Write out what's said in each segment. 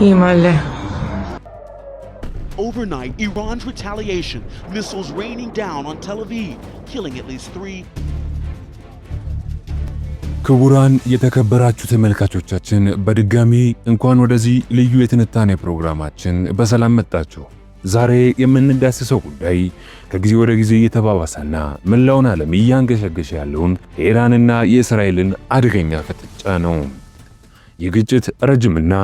Himale. Overnight, Iran's retaliation, missiles raining down on Tel Aviv, killing at least three ክቡራን የተከበራችሁ ተመልካቾቻችን በድጋሚ እንኳን ወደዚህ ልዩ የትንታኔ ፕሮግራማችን በሰላም መጣችሁ። ዛሬ የምንዳስሰው ጉዳይ ከጊዜ ወደ ጊዜ እየተባባሰና መላውን ዓለም እያንገሸገሸ ያለውን የኢራንና የእስራኤልን አደገኛ ፍጥጫ ነው። ይህ ግጭት ረጅምና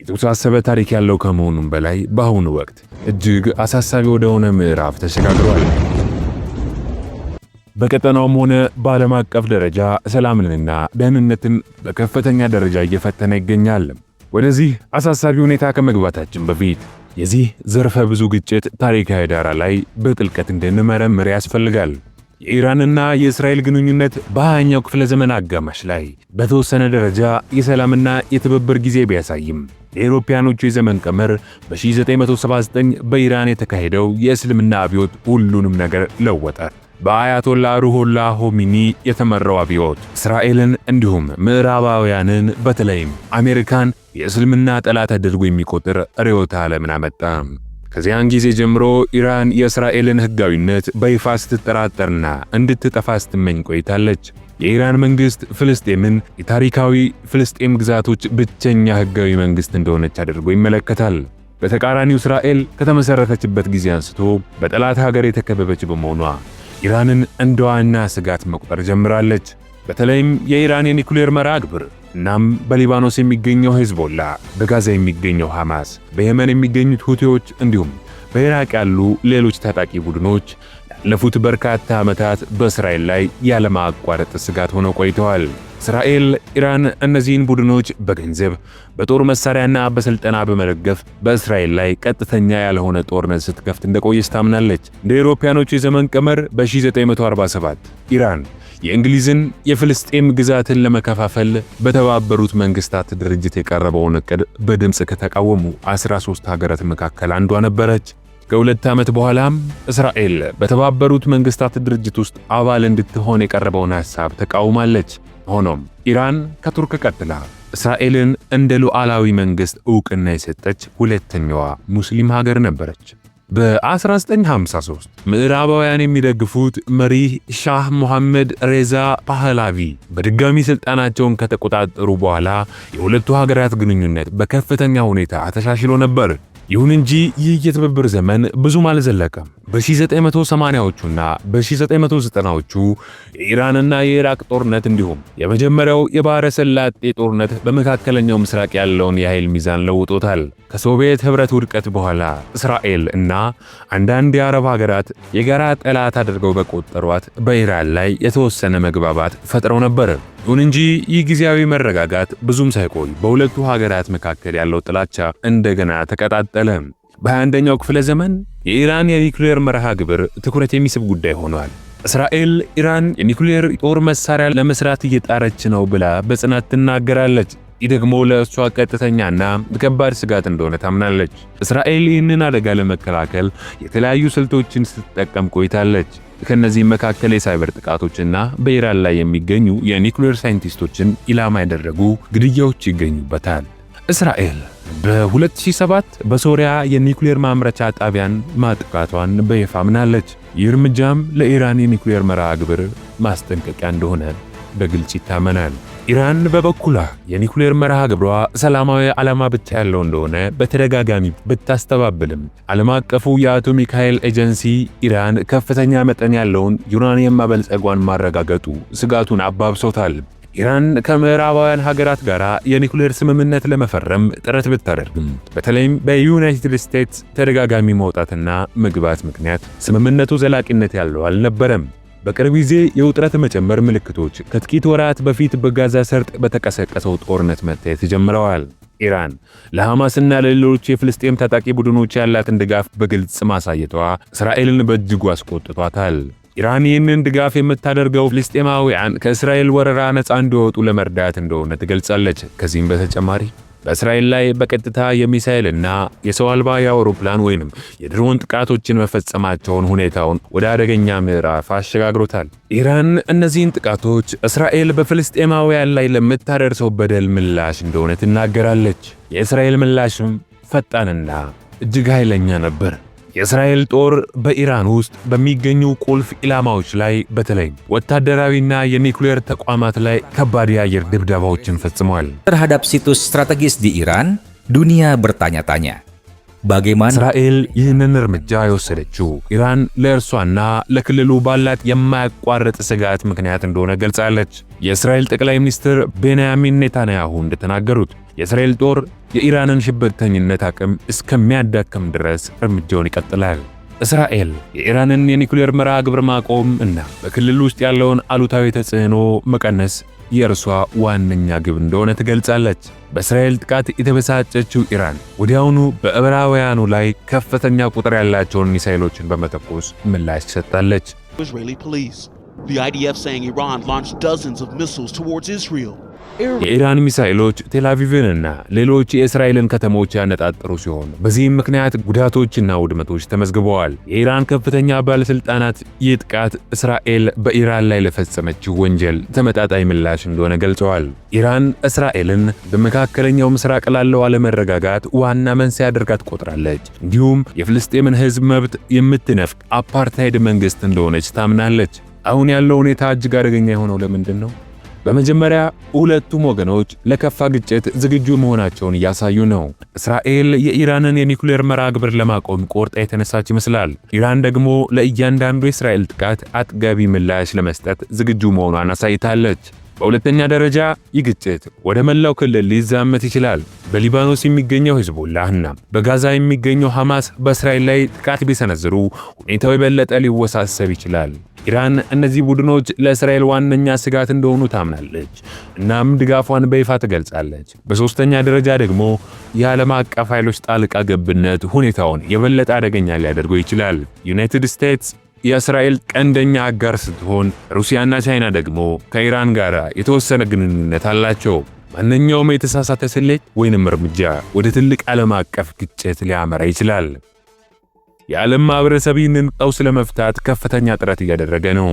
የተወሳሰበ ታሪክ ያለው ከመሆኑም በላይ በአሁኑ ወቅት እጅግ አሳሳቢ ወደሆነ ምዕራፍ ተሸጋግሯል። በቀጠናውም ሆነ በዓለም አቀፍ ደረጃ ሰላምንና ደህንነትን በከፍተኛ ደረጃ እየፈተነ ይገኛል። ወደዚህ አሳሳቢ ሁኔታ ከመግባታችን በፊት የዚህ ዘርፈ ብዙ ግጭት ታሪካዊ ዳራ ላይ በጥልቀት እንድንመረምር ያስፈልጋል። የኢራንና የእስራኤል ግንኙነት በሃያኛው ክፍለ ዘመን አጋማሽ ላይ በተወሰነ ደረጃ የሰላምና የትብብር ጊዜ ቢያሳይም የአውሮፓውያኖቹ የዘመን ቀመር በ1979 በኢራን የተካሄደው የእስልምና አብዮት ሁሉንም ነገር ለወጠ። በአያቶላ ሩሆላ ሆሚኒ የተመራው አብዮት እስራኤልን እንዲሁም ምዕራባውያንን በተለይም አሜሪካን የእስልምና ጠላት አድርጎ የሚቆጥር ርዕዮተ ዓለምን አመጣ። ከዚያን ጊዜ ጀምሮ ኢራን የእስራኤልን ሕጋዊነት በይፋ ስትጠራጠርና እንድትጠፋ ስትመኝ ቆይታለች። የኢራን መንግስት ፍልስጤምን የታሪካዊ ፍልስጤም ግዛቶች ብቸኛ ሕጋዊ መንግስት እንደሆነች አድርጎ ይመለከታል። በተቃራኒው እስራኤል ከተመሠረተችበት ጊዜ አንስቶ በጠላት ሀገር የተከበበች በመሆኗ ኢራንን እንደ ዋና ስጋት መቁጠር ጀምራለች። በተለይም የኢራን የኒኩሌር መርሃ ግብር እናም በሊባኖስ የሚገኘው ሄዝቦላ፣ በጋዛ የሚገኘው ሐማስ፣ በየመን የሚገኙት ሁቴዎች እንዲሁም በኢራቅ ያሉ ሌሎች ታጣቂ ቡድኖች ያለፉት በርካታ ዓመታት በእስራኤል ላይ ያለማቋረጥ ስጋት ሆነው ቆይተዋል። እስራኤል፣ ኢራን እነዚህን ቡድኖች በገንዘብ በጦር መሳሪያና በሥልጠና በመደገፍ በእስራኤል ላይ ቀጥተኛ ያልሆነ ጦርነት ስትከፍት እንደቆየች ታምናለች። እንደ አውሮፓውያኖቹ የዘመን ቀመር በ1947 ኢራን የእንግሊዝን የፍልስጤም ግዛትን ለመከፋፈል በተባበሩት መንግስታት ድርጅት የቀረበውን እቅድ በድምፅ ከተቃወሙ 13 ሀገራት መካከል አንዷ ነበረች። ከሁለት ዓመት በኋላም እስራኤል በተባበሩት መንግስታት ድርጅት ውስጥ አባል እንድትሆን የቀረበውን ሐሳብ ተቃውማለች። ሆኖም ኢራን ከቱርክ ቀጥላ እስራኤልን እንደ ሉዓላዊ መንግሥት ዕውቅና የሰጠች ሁለተኛዋ ሙስሊም ሀገር ነበረች። በ1953 ምዕራባውያን የሚደግፉት መሪ ሻህ ሙሐመድ ሬዛ ፓህላቪ በድጋሚ ስልጣናቸውን ከተቆጣጠሩ በኋላ የሁለቱ ሀገራት ግንኙነት በከፍተኛ ሁኔታ ተሻሽሎ ነበር። ይሁን እንጂ ይህ የትብብር ዘመን ብዙም አልዘለቀም። በ1980ዎቹና በ1990ዎቹ የኢራንና የኢራቅ ጦርነት እንዲሁም የመጀመሪያው የባሕረ ሰላጤ ጦርነት በመካከለኛው ምስራቅ ያለውን የኃይል ሚዛን ለውጦታል። ከሶቪየት ኅብረት ውድቀት በኋላ እስራኤል እና አንዳንድ የአረብ ሀገራት የጋራ ጠላት አድርገው በቆጠሯት በኢራን ላይ የተወሰነ መግባባት ፈጥረው ነበር። ይሁን እንጂ ይህ ጊዜያዊ መረጋጋት ብዙም ሳይቆይ በሁለቱ ሀገራት መካከል ያለው ጥላቻ እንደገና ተቀጣጠለ። በ21ኛው ክፍለ ዘመን የኢራን የኒውክሌር መርሃ ግብር ትኩረት የሚስብ ጉዳይ ሆኗል። እስራኤል ኢራን የኒውክሌር ጦር መሳሪያ ለመስራት እየጣረች ነው ብላ በጽናት ትናገራለች። ይህ ደግሞ ለእሷ ቀጥተኛና ከባድ ስጋት እንደሆነ ታምናለች። እስራኤል ይህንን አደጋ ለመከላከል የተለያዩ ስልቶችን ስትጠቀም ቆይታለች። ከነዚህም መካከል የሳይበር ጥቃቶችና በኢራን ላይ የሚገኙ የኒውክሌር ሳይንቲስቶችን ኢላማ ያደረጉ ግድያዎች ይገኙበታል። እስራኤል በ2007 በሶሪያ የኒውክሌር ማምረቻ ጣቢያን ማጥቃቷን በይፋ አምናለች። ይህ እርምጃም ለኢራን የኒውክሌር መርሃ ግብር ማስጠንቀቂያ እንደሆነ በግልጽ ይታመናል። ኢራን በበኩሏ የኒኩሌር መርሃ ግብሯ ሰላማዊ ዓላማ ብቻ ያለው እንደሆነ በተደጋጋሚ ብታስተባብልም ዓለም አቀፉ የአቶሚክ ኃይል ኤጀንሲ ኢራን ከፍተኛ መጠን ያለውን ዩራኒየም ማበልጸጓን ማረጋገጡ ስጋቱን አባብሶታል። ኢራን ከምዕራባውያን ሀገራት ጋር የኒኩሌር ስምምነት ለመፈረም ጥረት ብታደርግም በተለይም በዩናይትድ ስቴትስ ተደጋጋሚ መውጣትና መግባት ምክንያት ስምምነቱ ዘላቂነት ያለው አልነበረም። በቅርብ ጊዜ የውጥረት መጨመር ምልክቶች ከጥቂት ወራት በፊት በጋዛ ሰርጥ በተቀሰቀሰው ጦርነት መታየት ጀምረዋል። ኢራን ለሐማስና ለሌሎች የፍልስጤም ታጣቂ ቡድኖች ያላትን ድጋፍ በግልጽ ማሳየቷ እስራኤልን በእጅጉ አስቆጥቷታል። ኢራን ይህንን ድጋፍ የምታደርገው ፍልስጤማውያን ከእስራኤል ወረራ ነፃ እንዲወጡ ለመርዳት እንደሆነ ትገልጻለች። ከዚህም በተጨማሪ በእስራኤል ላይ በቀጥታ የሚሳይልና የሰው አልባ የአውሮፕላን ወይንም የድሮን ጥቃቶችን መፈጸማቸውን ሁኔታውን ወደ አደገኛ ምዕራፍ አሸጋግሮታል። ኢራን እነዚህን ጥቃቶች እስራኤል በፍልስጤማውያን ላይ ለምታደርሰው በደል ምላሽ እንደሆነ ትናገራለች። የእስራኤል ምላሽም ፈጣንና እጅግ ኃይለኛ ነበር። የእስራኤል ጦር በኢራን ውስጥ በሚገኙ ቁልፍ ኢላማዎች ላይ በተለይ ወታደራዊና የኒውክሌር ተቋማት ላይ ከባድ የአየር ድብደባዎችን ፈጽሟል። Terhadap situs strategis di Iran, dunia ባጌማን እስራኤል ይህንን እርምጃ የወሰደችው ኢራን ለእርሷና ለክልሉ ባላት የማያቋርጥ ስጋት ምክንያት እንደሆነ ገልጻለች። የእስራኤል ጠቅላይ ሚኒስትር ቤንያሚን ኔታንያሁ እንደተናገሩት የእስራኤል ጦር የኢራንን ሽብርተኝነት አቅም እስከሚያዳክም ድረስ እርምጃውን ይቀጥላል። እስራኤል የኢራንን የኒኩሌር መርሃ ግብር ማቆም እና በክልል ውስጥ ያለውን አሉታዊ ተጽዕኖ መቀነስ የእርሷ ዋነኛ ግብ እንደሆነ ትገልጻለች። በእስራኤል ጥቃት የተበሳጨችው ኢራን ወዲያውኑ በዕብራውያኑ ላይ ከፍተኛ ቁጥር ያላቸውን ሚሳይሎችን በመተኮስ ምላሽ ሰጥታለች። የኢራን ሚሳኤሎች ቴላቪቭንና እና ሌሎች የእስራኤልን ከተሞች ያነጣጠሩ ሲሆን በዚህም ምክንያት ጉዳቶችና ውድመቶች ተመዝግበዋል። የኢራን ከፍተኛ ባለስልጣናት ይህ ጥቃት እስራኤል በኢራን ላይ ለፈጸመችው ወንጀል ተመጣጣኝ ምላሽ እንደሆነ ገልጸዋል። ኢራን እስራኤልን በመካከለኛው ምስራቅ ላለው አለመረጋጋት ዋና መንስኤ አድርጋ ትቆጥራለች። እንዲሁም የፍልስጤምን ሕዝብ መብት የምትነፍቅ አፓርታይድ መንግስት እንደሆነች ታምናለች። አሁን ያለው ሁኔታ እጅግ አደገኛ የሆነው ለምንድን ነው? በመጀመሪያ ሁለቱም ወገኖች ለከፋ ግጭት ዝግጁ መሆናቸውን እያሳዩ ነው። እስራኤል የኢራንን የኒውክሌር መርሃ ግብር ለማቆም ቆርጣ የተነሳች ይመስላል። ኢራን ደግሞ ለእያንዳንዱ የእስራኤል ጥቃት አጥጋቢ ምላሽ ለመስጠት ዝግጁ መሆኗን አሳይታለች። በሁለተኛ ደረጃ ይህ ግጭት ወደ መላው ክልል ሊዛመት ይችላል። በሊባኖስ የሚገኘው ሂዝቡላህና በጋዛ የሚገኘው ሐማስ በእስራኤል ላይ ጥቃት ቢሰነዝሩ ሁኔታው የበለጠ ሊወሳሰብ ይችላል። ኢራን እነዚህ ቡድኖች ለእስራኤል ዋነኛ ስጋት እንደሆኑ ታምናለች፣ እናም ድጋፏን በይፋ ትገልጻለች። በሶስተኛ ደረጃ ደግሞ የዓለም አቀፍ ኃይሎች ጣልቃ ገብነት ሁኔታውን የበለጠ አደገኛ ሊያደርገው ይችላል። ዩናይትድ ስቴትስ የእስራኤል ቀንደኛ አጋር ስትሆን፣ ሩሲያና ቻይና ደግሞ ከኢራን ጋር የተወሰነ ግንኙነት አላቸው። ማንኛውም የተሳሳተ ስሌት ወይንም እርምጃ ወደ ትልቅ ዓለም አቀፍ ግጭት ሊያመራ ይችላል። የዓለም ማህበረሰብ ይህንን ቀውስ ለመፍታት ከፍተኛ ጥረት እያደረገ ነው።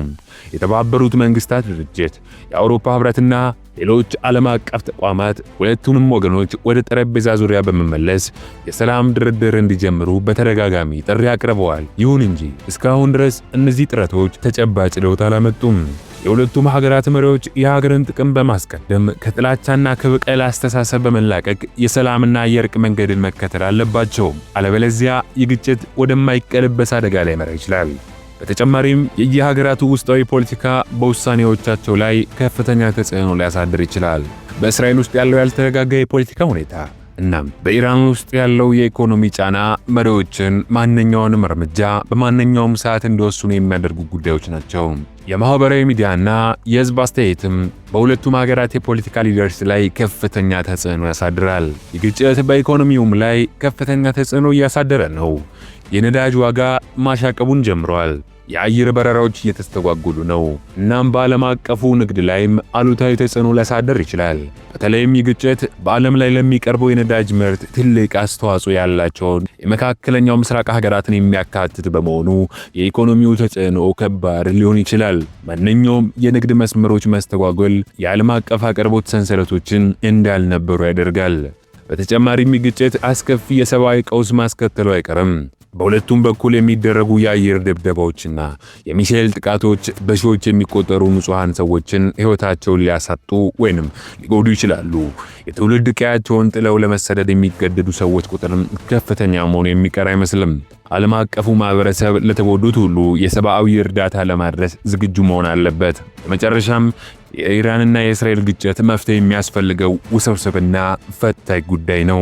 የተባበሩት መንግስታት ድርጅት፣ የአውሮፓ ህብረትና ሌሎች ዓለም አቀፍ ተቋማት ሁለቱንም ወገኖች ወደ ጠረጴዛ ዙሪያ በመመለስ የሰላም ድርድር እንዲጀምሩ በተደጋጋሚ ጥሪ አቅርበዋል። ይሁን እንጂ እስካሁን ድረስ እነዚህ ጥረቶች ተጨባጭ ለውጥ አላመጡም። የሁለቱም ሀገራት መሪዎች የሀገርን ጥቅም በማስቀደም ከጥላቻና ከበቀል አስተሳሰብ በመላቀቅ የሰላምና የእርቅ መንገድን መከተል አለባቸውም። አለበለዚያ የግጭት ወደማይቀለበስ አደጋ ላይ መራ ይችላል። በተጨማሪም የየሀገራቱ ውስጣዊ ፖለቲካ በውሳኔዎቻቸው ላይ ከፍተኛ ተጽዕኖ ሊያሳድር ይችላል። በእስራኤል ውስጥ ያለው ያልተረጋጋ የፖለቲካ ሁኔታ እናም በኢራን ውስጥ ያለው የኢኮኖሚ ጫና መሪዎችን ማንኛውንም እርምጃ በማንኛውም ሰዓት እንዲወስኑ የሚያደርጉ ጉዳዮች ናቸው። ሚዲያ ሚዲያና የህዝብ አስተያየትም በሁለቱም ሀገራት የፖለቲካ ሊደርስ ላይ ከፍተኛ ተጽዕኖ ያሳድራል። የግጭት በኢኮኖሚውም ላይ ከፍተኛ ተጽዕኖ እያሳደረ ነው። የነዳጅ ዋጋ ማሻቀቡን ጀምሯል። የአየር በረራዎች እየተስተጓጎሉ ነው። እናም በዓለም አቀፉ ንግድ ላይም አሉታዊ ተጽዕኖ ሊያሳድር ይችላል። በተለይም ይህ ግጭት በዓለም ላይ ለሚቀርበው የነዳጅ ምርት ትልቅ አስተዋጽኦ ያላቸውን የመካከለኛው ምስራቅ ሀገራትን የሚያካትት በመሆኑ የኢኮኖሚው ተጽዕኖ ከባድ ሊሆን ይችላል። ማንኛውም የንግድ መስመሮች መስተጓጎል የዓለም አቀፍ አቅርቦት ሰንሰለቶችን እንዳልነበሩ ያደርጋል። በተጨማሪም ግጭት አስከፊ የሰብአዊ ቀውስ ማስከተሉ አይቀርም። በሁለቱም በኩል የሚደረጉ የአየር ድብደባዎችና የሚሳኤል ጥቃቶች በሺዎች የሚቆጠሩ ንጹሐን ሰዎችን ሕይወታቸውን ሊያሳጡ ወይንም ሊጎዱ ይችላሉ። የትውልድ ቀያቸውን ጥለው ለመሰደድ የሚገደዱ ሰዎች ቁጥርም ከፍተኛ መሆኑ የሚቀር አይመስልም። ዓለም አቀፉ ማህበረሰብ ለተጎዱት ሁሉ የሰብአዊ እርዳታ ለማድረስ ዝግጁ መሆን አለበት። በመጨረሻም የኢራንና የእስራኤል ግጭት መፍትሄ የሚያስፈልገው ውስብስብና ፈታኝ ጉዳይ ነው።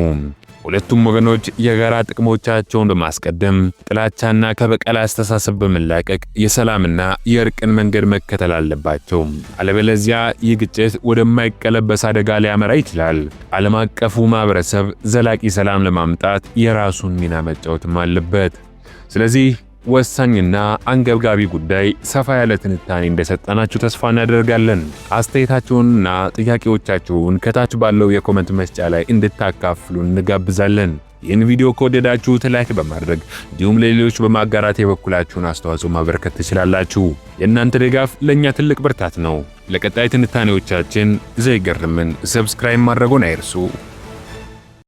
ሁለቱም ወገኖች የጋራ ጥቅሞቻቸውን በማስቀደም ጥላቻና ከበቀል አስተሳሰብ በመላቀቅ የሰላምና የእርቅን መንገድ መከተል አለባቸው። አለበለዚያ ይህ ግጭት ወደማይቀለበስ አደጋ ሊያመራ ይችላል። ዓለም አቀፉ ማህበረሰብ ዘላቂ ሰላም ለማምጣት የራሱን ሚና መጫወትም አለበት። ስለዚህ ወሳኝና አንገብጋቢ ጉዳይ ሰፋ ያለ ትንታኔ እንደሰጠናችሁ ተስፋ እናደርጋለን። አስተያየታችሁንና ጥያቄዎቻችሁን ከታች ባለው የኮመንት መስጫ ላይ እንድታካፍሉ እንጋብዛለን። ይህን ቪዲዮ ከወደዳችሁት ላይክ በማድረግ እንዲሁም ለሌሎች በማጋራት የበኩላችሁን አስተዋጽኦ ማበረከት ትችላላችሁ። የእናንተ ድጋፍ ለእኛ ትልቅ ብርታት ነው። ለቀጣይ ትንታኔዎቻችን ዘይገርምን ሰብስክራይብ ማድረጉን አይርሱ።